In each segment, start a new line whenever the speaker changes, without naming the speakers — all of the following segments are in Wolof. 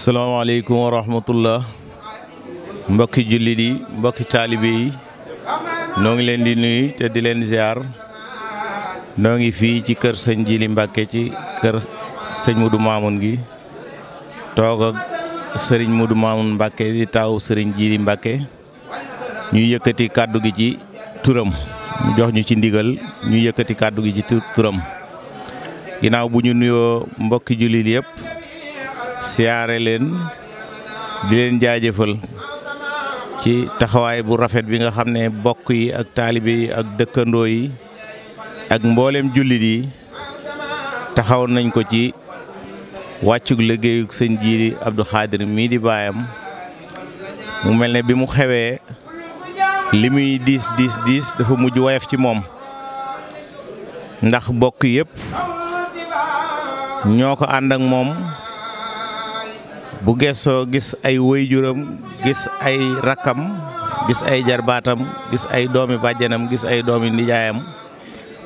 salaamaaleykum wa rahmatullah mbokki jullit yi mbokki taalibe yi noo ngi leen di nuyu te di leen ziar noo ngi fii ci kër sëñ Jili Mbàkke ci kër sëñ Mudu Maamun gi toog ak sëriñ Mudu Maamun Mbàkke di taaw sëriñ Jili Mbàkke ñu yëkkati kàddu gi ci turam mu jox ñu ci ndigal ñu yëkkati kàddu gi ci turam ginnaaw bu ñu nuyoo mbokki jullit yëpp siyaare leen di leen jaajëfal ci taxawaay bu rafet bi nga xam ne bokk yi ak taalibe yi ak dëkkandoo yi ak mboolem jullit yi taxaw nañ ko ci wàccug liggéeyuk sëñ Jili yi Khadir mii di baayam mu mel ne bi mu xewee li muy diis diis diis dafa mujj woyof ci moom ndax bokk yépp ñoo ko ànd ak moom bu geesoo gis ay waajuram gis ay rakkam gis ay jarbaatam gis ay doomi bàjjanam gis ay doomi nijaayam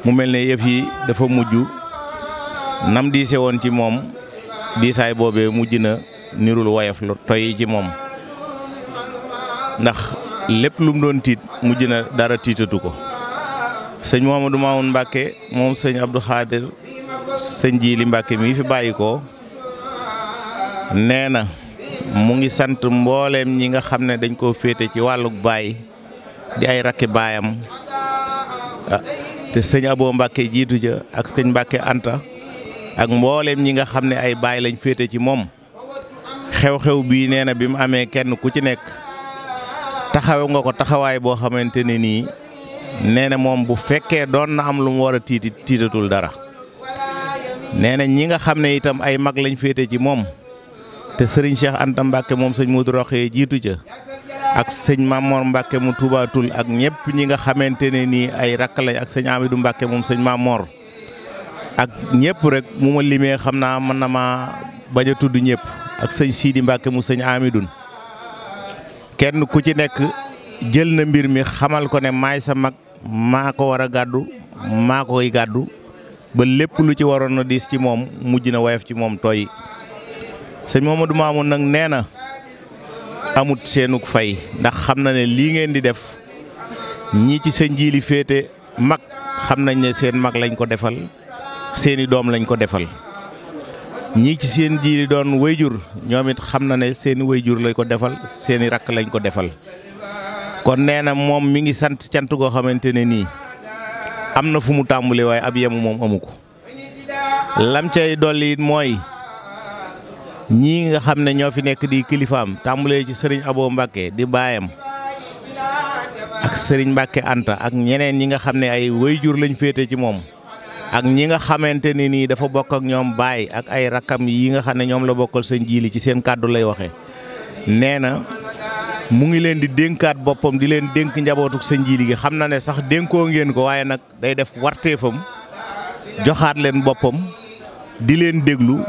mu mel ne yëf yi dafa mujj nam diise woon ci moom diisaay boobee mujj na nirul woyof lu ci moom ndax lépp lu doon tiit mujj na dara tiitatu ko sëñ Mouhamadou Mamoune Mbacke moom sëñ Abdou Khadir sëñ Jili Mbacke mii fi bàyyi ko nee na mu ngi sant mbooleem ñi nga xam ne dañ koo féete ci wàllug baay di ay rakki baayam ah, te sëñ Abo Mbàkke jiitu ja ak sëñ Mbàkke Anta ak mbooleem ñi nga xam ne ay baay lañ féete ci moom xew-xew bii nee na bi mu amee kenn ku ci nekk taxawe nga ko taxawaay boo xamante ne nii nee na moom bu fekkee doon na am lu mu war a tiiti tiitatul dara nee ñi nga xam ne itam ay mag lañ féete ci moom te sëriñ Cheikh Anta Mbacke moom sëñ Modou Rokhaya jiitu ca ak sëñ Mamor Mbacke mu tuubaatul ak ñépp ñi nga xamante ne nii ay rakk ak sëñ Amidou Mbacke moom sëñ Mamor ak ñépp rek mu ma limee xam naa mën na maa bañ a tudd ñëpp ak sëñ Sidi Mbacke mu sëñ Amidou kenn ku ci nekk jël na mbir mi xamal ko ne maay sa mag maa ko war a gàddu maa koy gàddu ba lépp lu ci waroon a diis ci moom mujj na woyof ci moom tooy. sëñ Mamadou Mamoun nag nee na amut seenuk fay ndax xam na ne lii ngeen di def ñii ci seen jiili féete mag xam nañ ne seen mag lañ ko defal seeni doom lañ ko defal ñii ci seen jiili doon wayjur ñoom it xam na ne seeni wayjur lañ ko defal seeni rakk lañ ko defal kon nee na moom mi ngi sant cant goo xamante ne nii am na fu mu tàmbali waaye ab yemu moom amu ko lam cay mooy ñii nga xam ne ñoo fi nekk di kilifaam tàmbalee ci sëriñ Abo Mbacke di baayam ak sëriñ Mbacke Anta ak ñeneen ñi nga xam ne ay wayjur lañ féete ci moom ak ñi nga xamante ne nii dafa bokk ak ñoom baay ak ay rakkam yi nga xam ne ñoom la bokkal seen jiili ci seen kàddu lay waxe nee na mu ngi leen di dénkaat boppam di leen dénk njabootuk seen jiili gi xam na ne sax dénkoo ngeen ko waaye nag day def warteefam joxaat leen boppam di leen déglu.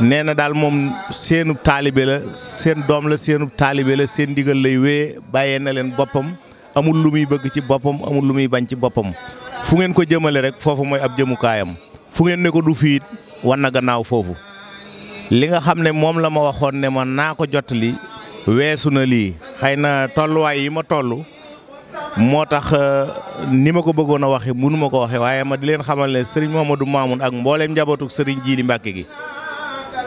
nee na daal moom seenub taalibe la seen doom la seenub taalibe la seen ndigal lay wéyee bàyyee na leen boppam amul lu muy bëgg ci boppam amul lu muy bañ ci boppam fu ngeen ko jëmale rek foofu mooy ab jëmukaayam fu ngeen ne ko du fiit wan na gannaaw foofu li nga xam ne moom la ma waxoon ne ma naa ko jot li weesu na lii xëy na tolluwaay yi ma toll moo tax euh, ni ma ko bëggoon a waxe munuma ko waxe waaye ma di leen xamal ne sëriñ Mouhamadou Mamoune ak mbooleem njabootuk sëriñ Jiili Mbàkke gi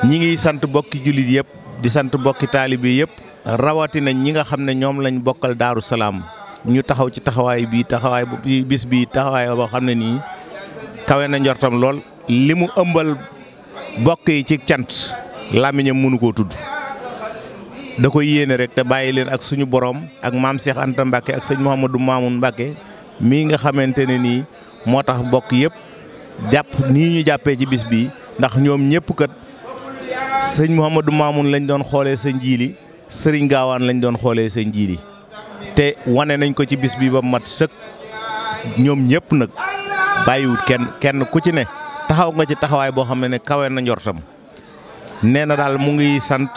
ñi ngi sant bokki jullit yëpp di sant bokki taalibe yëpp rawatina ñi nga xam ne ñoom lañ bokkal Daaru Salaam ñu taxaw ci taxawaay bii taxawaay bis bii taxawaay boo xam ne nii kawe na njortam lool li mu ëmbal bokk yi ci cant làmmiñam mënu koo tudd da ko yéene rek te bàyyi leen ak suñu borom ak maam Cheikh Anta Mbacke ak sëñ Mouhamadou Mamoun Mbacke mii nga xamante ne nii moo tax bokk yëpp jàpp nii ñu jàppee ci bis bi ndax ñoom ñëpp kat. sëñ Mouhamadou Mamoun lañ doon xoolee sa njiili sëriñ gaawaan lañ doon xoolee sëñ jiili te wane nañ ko ci bis bii ba mat sëkk ñoom ñëpp nag bàyyiwut kenn kenn ku ci ne taxaw nga ci taxawaay boo xam ne ne kawe na njortam nee na daal mu ngi sant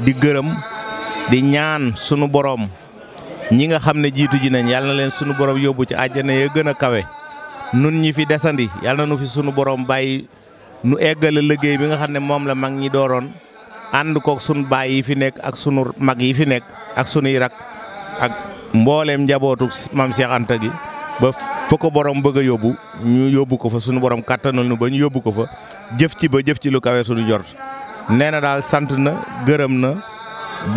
di gërëm di ñaan sunu boroom ñi nga xam ne jiitu ji nañ yàlla na leen sunu boroom yóbbu ci àjjana ya gën a kawe nun ñi fi desandi yàlla na nu fi sunu boroom bàyyi. nu eggale liggéey bi nga xam ne moom la mag ñi dooroon ànd kook sunu baay yi fi nekk ak sunu mag yi fi nekk ak sunuy rak ak mbooleem njabootu mam Cheikh Anta gi ba fa ko borom bëgg a yóbbu ñu yóbbu ko fa sunu borom kàttanal nu ba ñu yóbbu ko fa jëf ci ba jëf ci lu kawe sunu jort nee na daal sant na gërëm na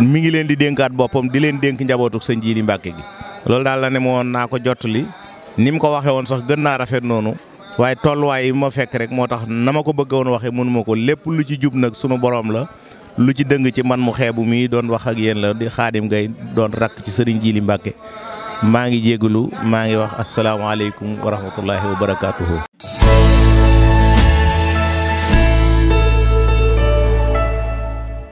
mi ngi leen di dénkaat boppam di leen dénk njabootu sëñ Jiili Mbàkke gi loolu daal la ne moo woon naa ko jottali ni mu ko waxee woon sax gën naa rafet noonu waaye tolluwaay yi ma fekk rek moo tax na ma ko bëgg woon waxee mënu ko lépp lu ci jub nag sunu borom la lu ci dëng ci man mu xeebu mi doon wax ak yéen la di xaadim ngay doon rakk ci sëriñ Jili Mbàkke maa ngi jégalu maa ngi wax asalaamaaleykum wa rahmatullahi wa barakaatuhu